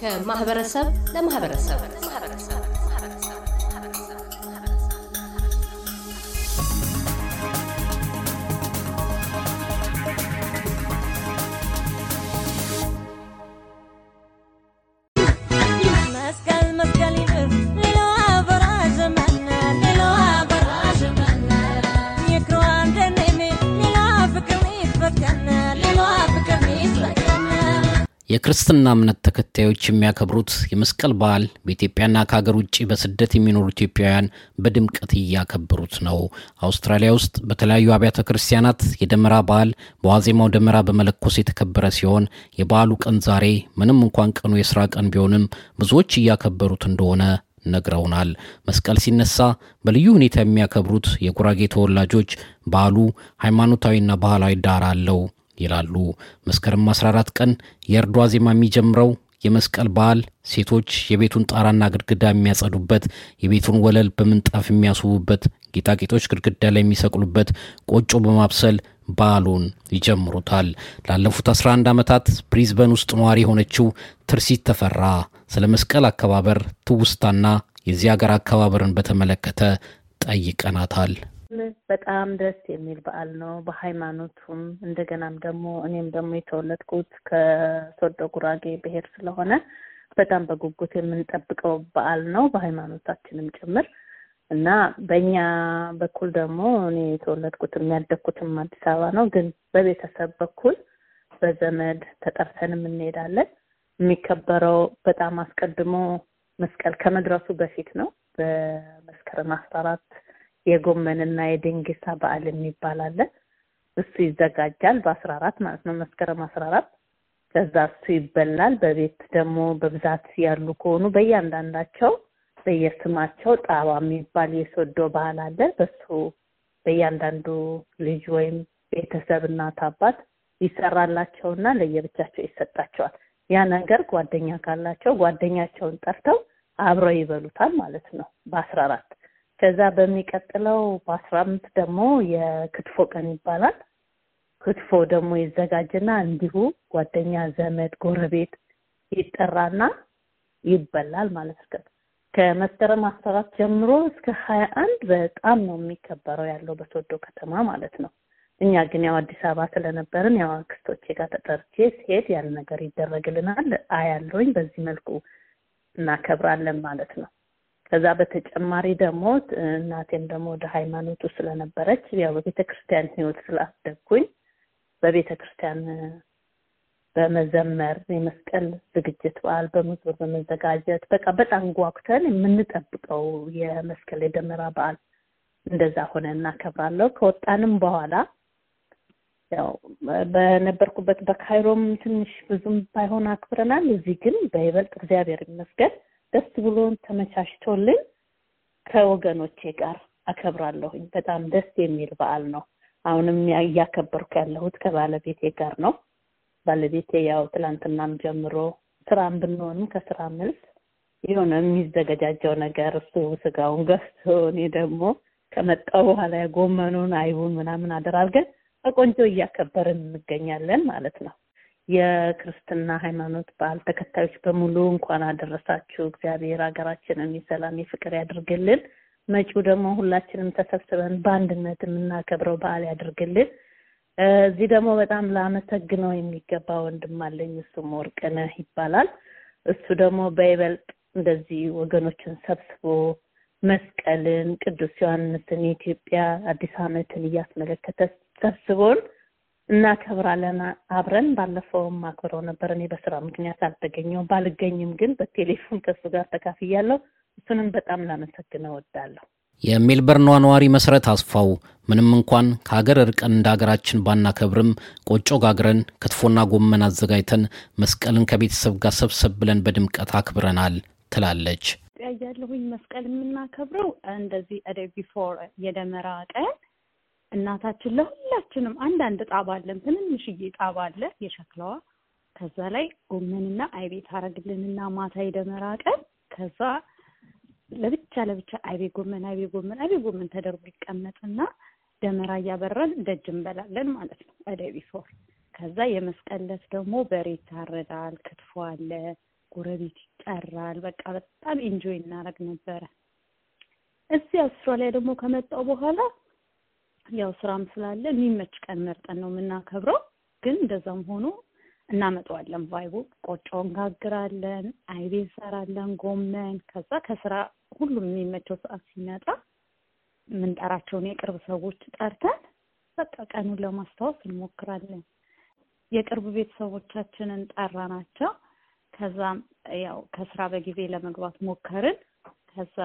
ከማህበረሰብ ለማህበረሰብ የክርስትና እምነት ተከታዮች የሚያከብሩት የመስቀል በዓል በኢትዮጵያና ከሀገር ውጭ በስደት የሚኖሩ ኢትዮጵያውያን በድምቀት እያከበሩት ነው። አውስትራሊያ ውስጥ በተለያዩ አብያተ ክርስቲያናት የደመራ በዓል በዋዜማው ደመራ በመለኮስ የተከበረ ሲሆን የበዓሉ ቀን ዛሬ ምንም እንኳን ቀኑ የስራ ቀን ቢሆንም ብዙዎች እያከበሩት እንደሆነ ነግረውናል። መስቀል ሲነሳ በልዩ ሁኔታ የሚያከብሩት የጉራጌ ተወላጆች በዓሉ ሃይማኖታዊና ባህላዊ ዳራ አለው። ይላሉ። መስከረም 14 ቀን የእርዷ ዜማ የሚጀምረው የመስቀል በዓል ሴቶች የቤቱን ጣራና ግድግዳ የሚያጸዱበት፣ የቤቱን ወለል በምንጣፍ የሚያስውቡበት፣ ጌጣጌጦች ግድግዳ ላይ የሚሰቅሉበት፣ ቆጮ በማብሰል በዓሉን ይጀምሩታል። ላለፉት 11 ዓመታት ብሪዝበን ውስጥ ነዋሪ የሆነችው ትርሲት ተፈራ ስለ መስቀል አከባበር ትውስታና የዚህ አገር አከባበርን በተመለከተ ጠይቀናታል። በጣም ደስ የሚል በዓል ነው። በሃይማኖቱም እንደገናም ደግሞ እኔም ደግሞ የተወለድኩት ከሶዶ ጉራጌ ብሔር ስለሆነ በጣም በጉጉት የምንጠብቀው በዓል ነው በሃይማኖታችንም ጭምር እና በእኛ በኩል ደግሞ እኔ የተወለድኩትም ያደግኩትም አዲስ አበባ ነው። ግን በቤተሰብ በኩል በዘመድ ተጠርተንም እንሄዳለን። የሚከበረው በጣም አስቀድሞ መስቀል ከመድረሱ በፊት ነው። በመስከረም አስራ አራት የጎመንና የድንግሳ በዓል የሚባል አለ። እሱ ይዘጋጃል በአስራ አራት ማለት ነው መስከረም አስራ አራት ከዛ እሱ ይበላል። በቤት ደግሞ በብዛት ያሉ ከሆኑ በእያንዳንዳቸው በየስማቸው ጣባ የሚባል የሶዶ ባህል አለ። በሱ በእያንዳንዱ ልጅ ወይም ቤተሰብ እናት አባት ይሰራላቸውና ለየብቻቸው ይሰጣቸዋል። ያ ነገር ጓደኛ ካላቸው ጓደኛቸውን ጠርተው አብረው ይበሉታል ማለት ነው በአስራ አራት ከዛ በሚቀጥለው በአስራ አምስት ደግሞ የክትፎ ቀን ይባላል። ክትፎ ደግሞ ይዘጋጅና እንዲሁ ጓደኛ፣ ዘመድ፣ ጎረቤት ይጠራና ይበላል ማለት ነው። ከመስከረም አስራት ጀምሮ እስከ ሀያ አንድ በጣም ነው የሚከበረው ያለው በሶዶ ከተማ ማለት ነው። እኛ ግን ያው አዲስ አበባ ስለነበርን ያው አክስቶቼ ጋር ተጠርቼ ሲሄድ ያለ ነገር ይደረግልናል አያለሁኝ። በዚህ መልኩ እናከብራለን ማለት ነው። ከዛ በተጨማሪ ደግሞ እናቴም ደግሞ ወደ ሃይማኖቱ ስለነበረች ያው በቤተ ክርስቲያን ህይወት ስላስደግኩኝ በቤተ ክርስቲያን በመዘመር የመስቀል ዝግጅት በዓል በመዞር በመዘጋጀት በቃ በጣም ጓጉተን የምንጠብቀው የመስቀል የደመራ በዓል እንደዛ ሆነ እናከብራለሁ። ከወጣንም በኋላ ያው በነበርኩበት በካይሮም ትንሽ ብዙም ባይሆን አክብረናል። እዚህ ግን በይበልጥ እግዚአብሔር ይመስገን ደስ ብሎን ተመቻችቶልን ከወገኖቼ ጋር አከብራለሁኝ። በጣም ደስ የሚል በዓል ነው። አሁንም እያከበርኩ ያለሁት ከባለቤቴ ጋር ነው። ባለቤቴ ያው ትላንትናም ጀምሮ ስራም ብንሆንም ከስራ መልስ የሆነ የሚዘገጃጀው ነገር እሱ ስጋውን ገዝቶ እኔ ደግሞ ከመጣው በኋላ ጎመኑን አይቡን ምናምን አደራርገን በቆንጆ እያከበርን እንገኛለን ማለት ነው። የክርስትና ሃይማኖት በዓል ተከታዮች በሙሉ እንኳን አደረሳችሁ። እግዚአብሔር ሀገራችንን የሰላም የፍቅር ያድርግልን። መጪው ደግሞ ሁላችንም ተሰብስበን በአንድነት የምናከብረው በዓል ያድርግልን። እዚህ ደግሞ በጣም ላመሰግነው የሚገባ ወንድም አለኝ። እሱም ወርቅነህ ይባላል። እሱ ደግሞ በይበልጥ እንደዚህ ወገኖችን ሰብስቦ መስቀልን፣ ቅዱስ ዮሐንስን፣ የኢትዮጵያ አዲስ ዓመትን እያስመለከተ ሰብስቦን እናከብራለን አብረን። ባለፈውም አክብረው ነበር። እኔ በስራ ምክንያት አልተገኘውም። ባልገኝም ግን በቴሌፎን ከሱ ጋር ተካፍያለሁ። እሱንም በጣም ላመሰግነ እወዳለሁ። የሜልበርኗ ነዋሪ መሰረት አስፋው ምንም እንኳን ከሀገር እርቀን እንደ ሀገራችን ባናከብርም ቆጮ ጋግረን ክትፎና ጎመን አዘጋጅተን መስቀልን ከቤተሰብ ጋር ሰብሰብ ብለን በድምቀት አክብረናል ትላለች። ያለሁኝ መስቀል የምናከብረው እንደዚህ ቢፎር የደመራ ቀን እናታችን ለሁላችንም አንዳንድ ጣባ አለን፣ ትንንሽዬ ጣባ አለ የሸክላዋ። ከዛ ላይ ጎመንና አይቤ ታረግልንና ማታ የደመራ ቀን ከዛ ለብቻ ለብቻ አይቤ ጎመን አይቤ ጎመን አይቤ ጎመን ተደርጎ ይቀመጥና ደመራ እያበራን ደጅ እንበላለን ማለት ነው። አደ ቢፎር ከዛ የመስቀለት ደሞ ደግሞ በሬ ይታረዳል፣ ክትፎ አለ፣ ጎረቤት ይጠራል። በቃ በጣም ኢንጆይ እናደርግ ነበረ። እዚህ አውስትራሊያ ደግሞ ከመጣው በኋላ ያው ስራም ስላለ የሚመች ቀን መርጠን ነው የምናከብረው። ግን እንደዛም ሆኖ እናመጣዋለን። ቫይቦ ቆጮ እንጋግራለን፣ አይቤ እንሰራለን፣ ጎመን። ከዛ ከስራ ሁሉም የሚመቸው ሰዓት ሲመጣ የምንጠራቸውን የቅርብ ሰዎች ጠርተን በቃ ቀኑን ለማስታወስ እንሞክራለን። የቅርብ ቤተሰቦቻችንን ጠራናቸው። ከዛ ያው ከስራ በጊዜ ለመግባት ሞከርን። ከዛ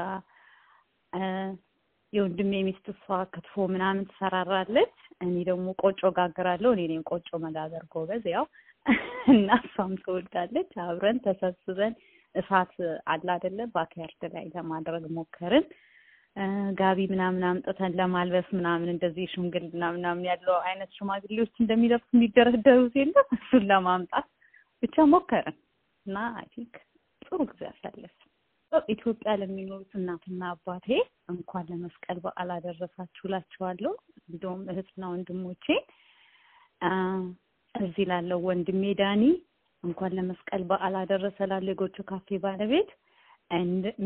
የወንድሜ ሚስት እሷ ክትፎ ምናምን ትሰራራለች፣ እኔ ደግሞ ቆጮ ጋግራለሁ። እኔ እኔም ቆጮ መጋገር ጎበዝ ያው እና እሷም ትወልዳለች አብረን ተሰብስበን እሳት አለ አይደለ ባክያርድ ላይ ለማድረግ ሞከርን። ጋቢ ምናምን አምጥተን ለማልበስ ምናምን እንደዚህ ሽምግልና ምናምን ያለው አይነት ሽማግሌዎች እንደሚለብሱ የሚደረደሩት የለም እሱን ለማምጣት ብቻ ሞከርን እና አይ ቲንክ ጥሩ ጊዜ አሳለፍ ኢትዮጵያ ለሚኖሩት እናትና አባቴ እንኳን ለመስቀል በዓል አደረሳችሁ እላችኋለሁ። እንዲሁም እህትና ወንድሞቼ እዚህ ላለው ወንድሜ ዳኒ እንኳን ለመስቀል በዓል አደረሰ ላለው የጎጆ ካፌ ባለቤት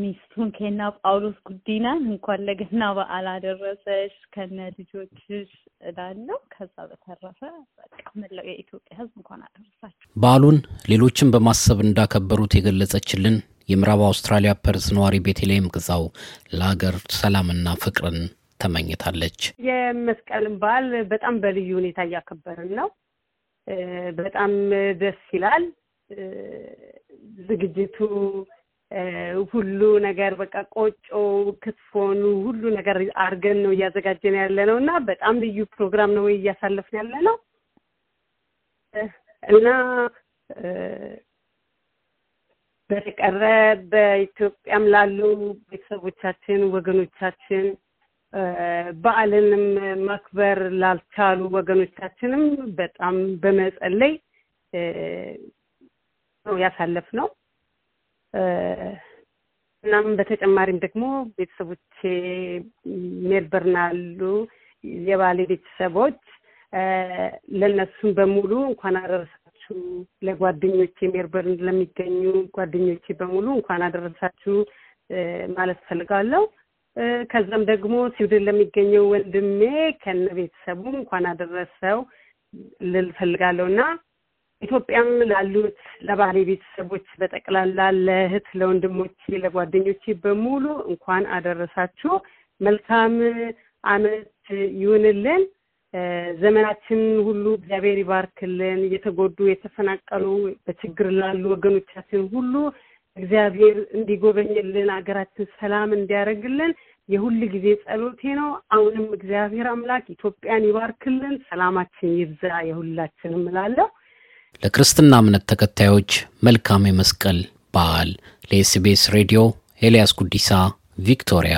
ሚስቱን ኬና ጳውሎስ ጉዲናን እንኳን ለገና በዓል አደረሰሽ ከነ ልጆችሽ እላለሁ። ከዛ በተረፈ በቃ መላው የኢትዮጵያ ሕዝብ እንኳን አደረሳችሁ። በዓሉን ሌሎችን በማሰብ እንዳከበሩት የገለጸችልን የምዕራብ አውስትራሊያ ፐርዝ ነዋሪ ቤተልሔም ግዛው ለሀገር ሰላምና ፍቅርን ተመኝታለች። የመስቀልን በዓል በጣም በልዩ ሁኔታ እያከበርን ነው። በጣም ደስ ይላል። ዝግጅቱ ሁሉ ነገር በቃ ቆጮ፣ ክትፎኑ ሁሉ ነገር አድርገን ነው እያዘጋጀን ያለ ነው እና በጣም ልዩ ፕሮግራም ነው እያሳለፍን ያለ ነው እና በተቀረ በኢትዮጵያም ላሉ ቤተሰቦቻችን፣ ወገኖቻችን በዓልንም ማክበር ላልቻሉ ወገኖቻችንም በጣም በመጸለይ ነው ነው። እናም በተጨማሪም ደግሞ ቤተሰቦቼ ሜልበርን አሉ፣ የባሌ ቤተሰቦች ለእነሱም በሙሉ እንኳን አደረሰ ለጓደኞቼ ሜርበርን ለሚገኙ ጓደኞቼ በሙሉ እንኳን አደረሳችሁ ማለት ፈልጋለሁ። ከዛም ደግሞ ስዊድን ለሚገኘው ወንድሜ ከነ ቤተሰቡ እንኳን አደረሰው ልል ፈልጋለሁ እና ኢትዮጵያም ላሉት ለባሌ ቤተሰቦች በጠቅላላ ለእህት፣ ለወንድሞቼ፣ ለጓደኞቼ በሙሉ እንኳን አደረሳችሁ። መልካም አመት ይሁንልን። ዘመናችን ሁሉ እግዚአብሔር ይባርክልን። እየተጎዱ የተፈናቀሉ በችግር ላሉ ወገኖቻችን ሁሉ እግዚአብሔር እንዲጎበኝልን፣ አገራችን ሰላም እንዲያደርግልን የሁል ጊዜ ጸሎቴ ነው። አሁንም እግዚአብሔር አምላክ ኢትዮጵያን ይባርክልን፣ ሰላማችን ይብዛ የሁላችንም እላለሁ። ለክርስትና እምነት ተከታዮች መልካም የመስቀል በዓል። ለኤስቢኤስ ሬዲዮ ኤልያስ ጉዲሳ ቪክቶሪያ